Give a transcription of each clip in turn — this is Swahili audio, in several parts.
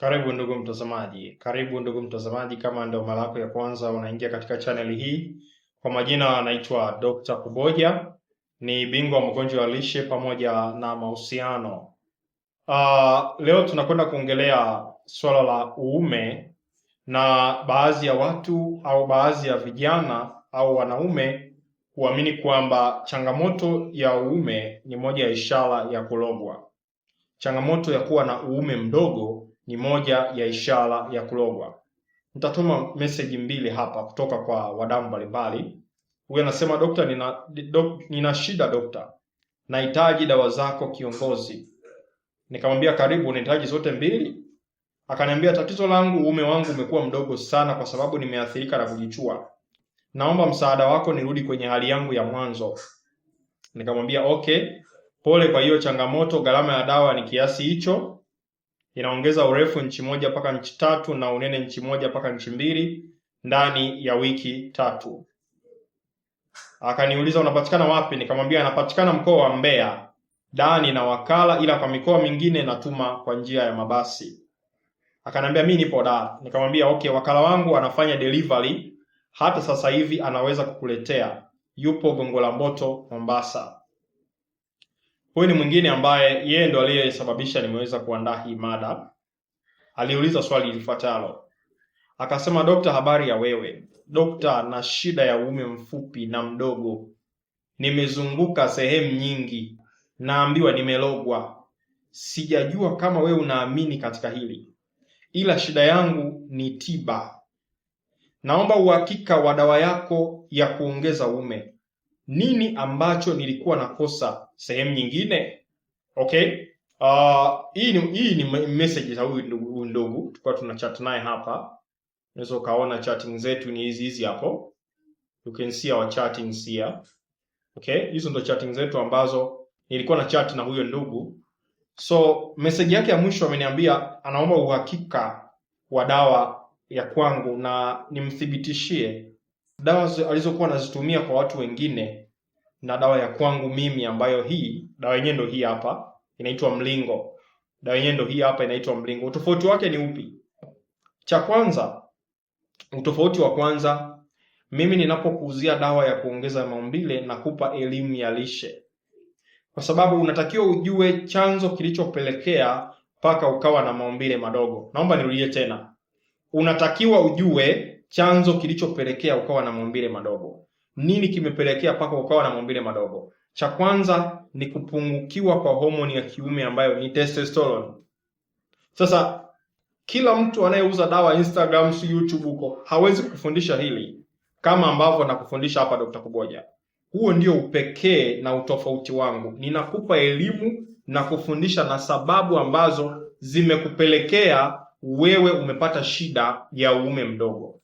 Karibu ndugu mtazamaji, karibu ndugu mtazamaji, kama ndio mara yako ya kwanza unaingia katika chaneli hii, kwa majina anaitwa Dr. Kuboja, ni bingwa wa magonjwa ya lishe pamoja na mahusiano. Uh, leo tunakwenda kuongelea swala la uume na baadhi ya watu au baadhi ya vijana au wanaume huamini kwamba changamoto ya uume ni moja ya ishara ya kulogwa. Changamoto ya kuwa na uume mdogo ni moja ya ishara ya kulogwa. Nitatuma meseji mbili hapa kutoka kwa wadau mbalimbali. Huyu anasema dokta, nina, do, nina shida dokta, nahitaji dawa zako kiongozi. Nikamwambia karibu, nahitaji zote mbili. Akaniambia tatizo langu, uume wangu umekuwa mdogo sana kwa sababu nimeathirika na kujichua, naomba msaada wako nirudi kwenye hali yangu ya mwanzo. Nikamwambia okay, pole kwa hiyo changamoto, gharama ya dawa ni kiasi hicho inaongeza urefu nchi moja mpaka nchi tatu na unene nchi moja mpaka nchi mbili ndani ya wiki tatu. Akaniuliza unapatikana wapi? Nikamwambia anapatikana mkoa wa Mbeya. Dani na wakala, ila kwa mikoa mingine natuma kwa njia ya mabasi. akaniambia mimi nipo Dar. Nikamwambia okay, wakala wangu anafanya delivery hata sasa hivi, anaweza kukuletea. Yupo Gongo la Mboto, Mombasa. Huyu ni mwingine ambaye yeye ndo aliyesababisha nimeweza kuandaa hii mada. Aliuliza swali lifuatalo, akasema: Dokta, habari ya wewe? Dokta, na shida ya uume mfupi na mdogo, nimezunguka sehemu nyingi, naambiwa nimelogwa. Sijajua kama wewe unaamini katika hili, ila shida yangu ni tiba. Naomba uhakika wa dawa yako ya kuongeza uume. Nini ambacho nilikuwa nakosa sehemu nyingine. Okay, uh, hii ni hii ni message za huyu ndugu ndugu tulikuwa tuna chat naye hapa. Unaweza ukaona chatting zetu ni hizi hizi hapo, you can see our chatting here. Okay, hizo ndo chatting zetu ambazo nilikuwa na chat na huyo ndugu. So message yake ya mwisho ameniambia anaomba uhakika wa dawa ya kwangu na nimthibitishie dawa alizokuwa anazitumia kwa watu wengine na dawa ya kwangu mimi ambayo hii dawa yenyewe ndio hii hapa inaitwa mlingo. Dawa yenyewe ndio hii hapa inaitwa mlingo. Utofauti wake ni upi? Cha kwanza, utofauti wa kwanza, mimi ninapokuuzia dawa ya kuongeza maumbile na kupa elimu ya lishe, kwa sababu unatakiwa ujue chanzo kilichopelekea mpaka ukawa na maumbile madogo. Naomba nirudie tena, unatakiwa ujue chanzo kilichopelekea ukawa na maumbile madogo. Nini kimepelekea paka ukawa na maumbile madogo? Cha kwanza ni kupungukiwa kwa homoni ya kiume ambayo ni testosterone. Sasa kila mtu anayeuza dawa Instagram, si YouTube huko hawezi kufundisha hili kama ambavyo nakufundisha hapa Dr. Kuboja. Huo ndio upekee na utofauti wangu. Ninakupa elimu na kufundisha na sababu ambazo zimekupelekea wewe umepata shida ya uume mdogo.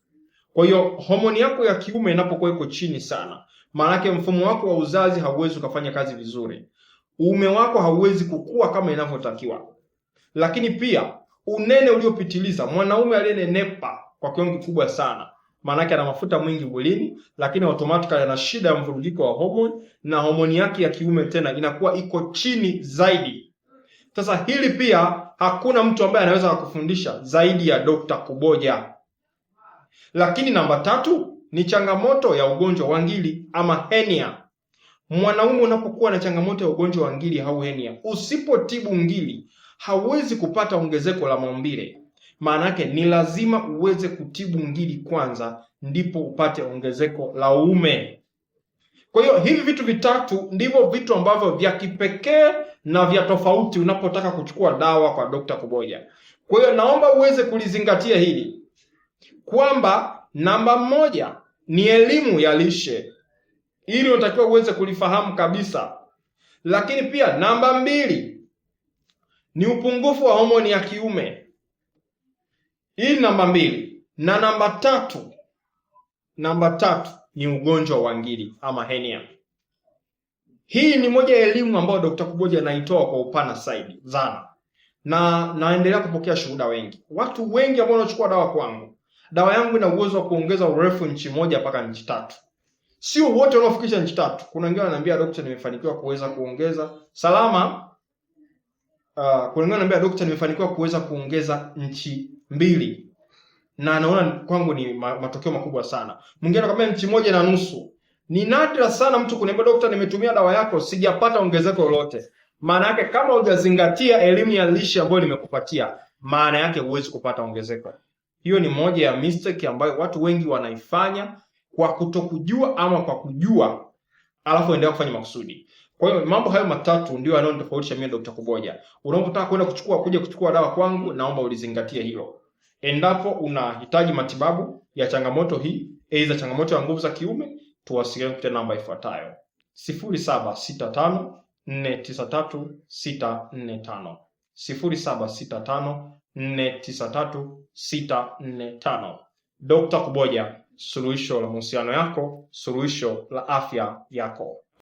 Kwa hiyo homoni yako ya kiume inapokuwa iko chini sana, maanake mfumo wako wa uzazi hauwezi ukafanya kazi vizuri, uume wako hauwezi kukua kama inavyotakiwa. Lakini pia unene uliopitiliza, mwanaume aliyenenepa kwa kiwango kikubwa sana, maanake ana mafuta mwingi mwilini, lakini automatically ana shida ya mvurugiko wa homoni na homoni yake ya kiume tena inakuwa iko chini zaidi. Sasa hili pia hakuna mtu ambaye anaweza kukufundisha zaidi ya Dr. Kuboja. Lakini namba tatu ni changamoto ya ugonjwa wa ngiri ama henia Mwanaume unapokuwa na changamoto ya ugonjwa wa ngiri au henia usipotibu ngiri hauwezi kupata ongezeko la maumbile. Maana yake ni lazima uweze kutibu ngiri kwanza, ndipo upate ongezeko la uume. Kwa hiyo hivi vitu vitatu ndivyo vitu ambavyo vya kipekee na vya tofauti unapotaka kuchukua dawa kwa Dokta Kuboja. Kwa hiyo naomba uweze kulizingatia hili kwamba namba moja ni elimu ya lishe, ili unatakiwa uweze kulifahamu kabisa. Lakini pia namba mbili ni upungufu wa homoni ya kiume, hii namba mbili, na namba tatu, namba tatu ni ugonjwa wa ngiri ama henia. Hii ni moja ya elimu ambayo Dr. Kuboja anaitoa kwa upana zaidi sana, na naendelea kupokea shuhuda wengi, watu wengi ambao wanachukua dawa kwangu dawa yangu ina uwezo wa kuongeza urefu nchi moja mpaka nchi tatu. Sio wote wanaofikisha nchi tatu. Kuna wengine wananiambia daktari, nimefanikiwa kuweza kuongeza salama. Uh, kuna wengine wananiambia daktari, nimefanikiwa kuweza kuongeza nchi mbili, na naona kwangu ni matokeo makubwa sana. Mwingine anakwambia nchi moja na nusu. Ni nadra sana mtu kuniambia daktari, nimetumia dawa yako sijapata ongezeko lolote. Maana yake kama hujazingatia elimu ya lishe ambayo nimekupatia, maana yake huwezi kupata ongezeko. Hiyo ni moja ya mistake ambayo watu wengi wanaifanya kwa kutokujua ama kwa kujua, alafu endelea kufanya makusudi. Kwa hiyo mambo hayo matatu ndio yanayonitofautisha mimi na Dr. Kuboja. Unapotaka kwenda kuchukua kuja kuchukua dawa kwangu, naomba ulizingatie hilo. Endapo unahitaji matibabu ya changamoto hii, aidha changamoto ya nguvu za kiume, tuwasiliane kupitia namba ifuatayo: 0765493645, 0765 493645. Dr. Kuboja, suluhisho la mahusiano yako, suluhisho la afya yako.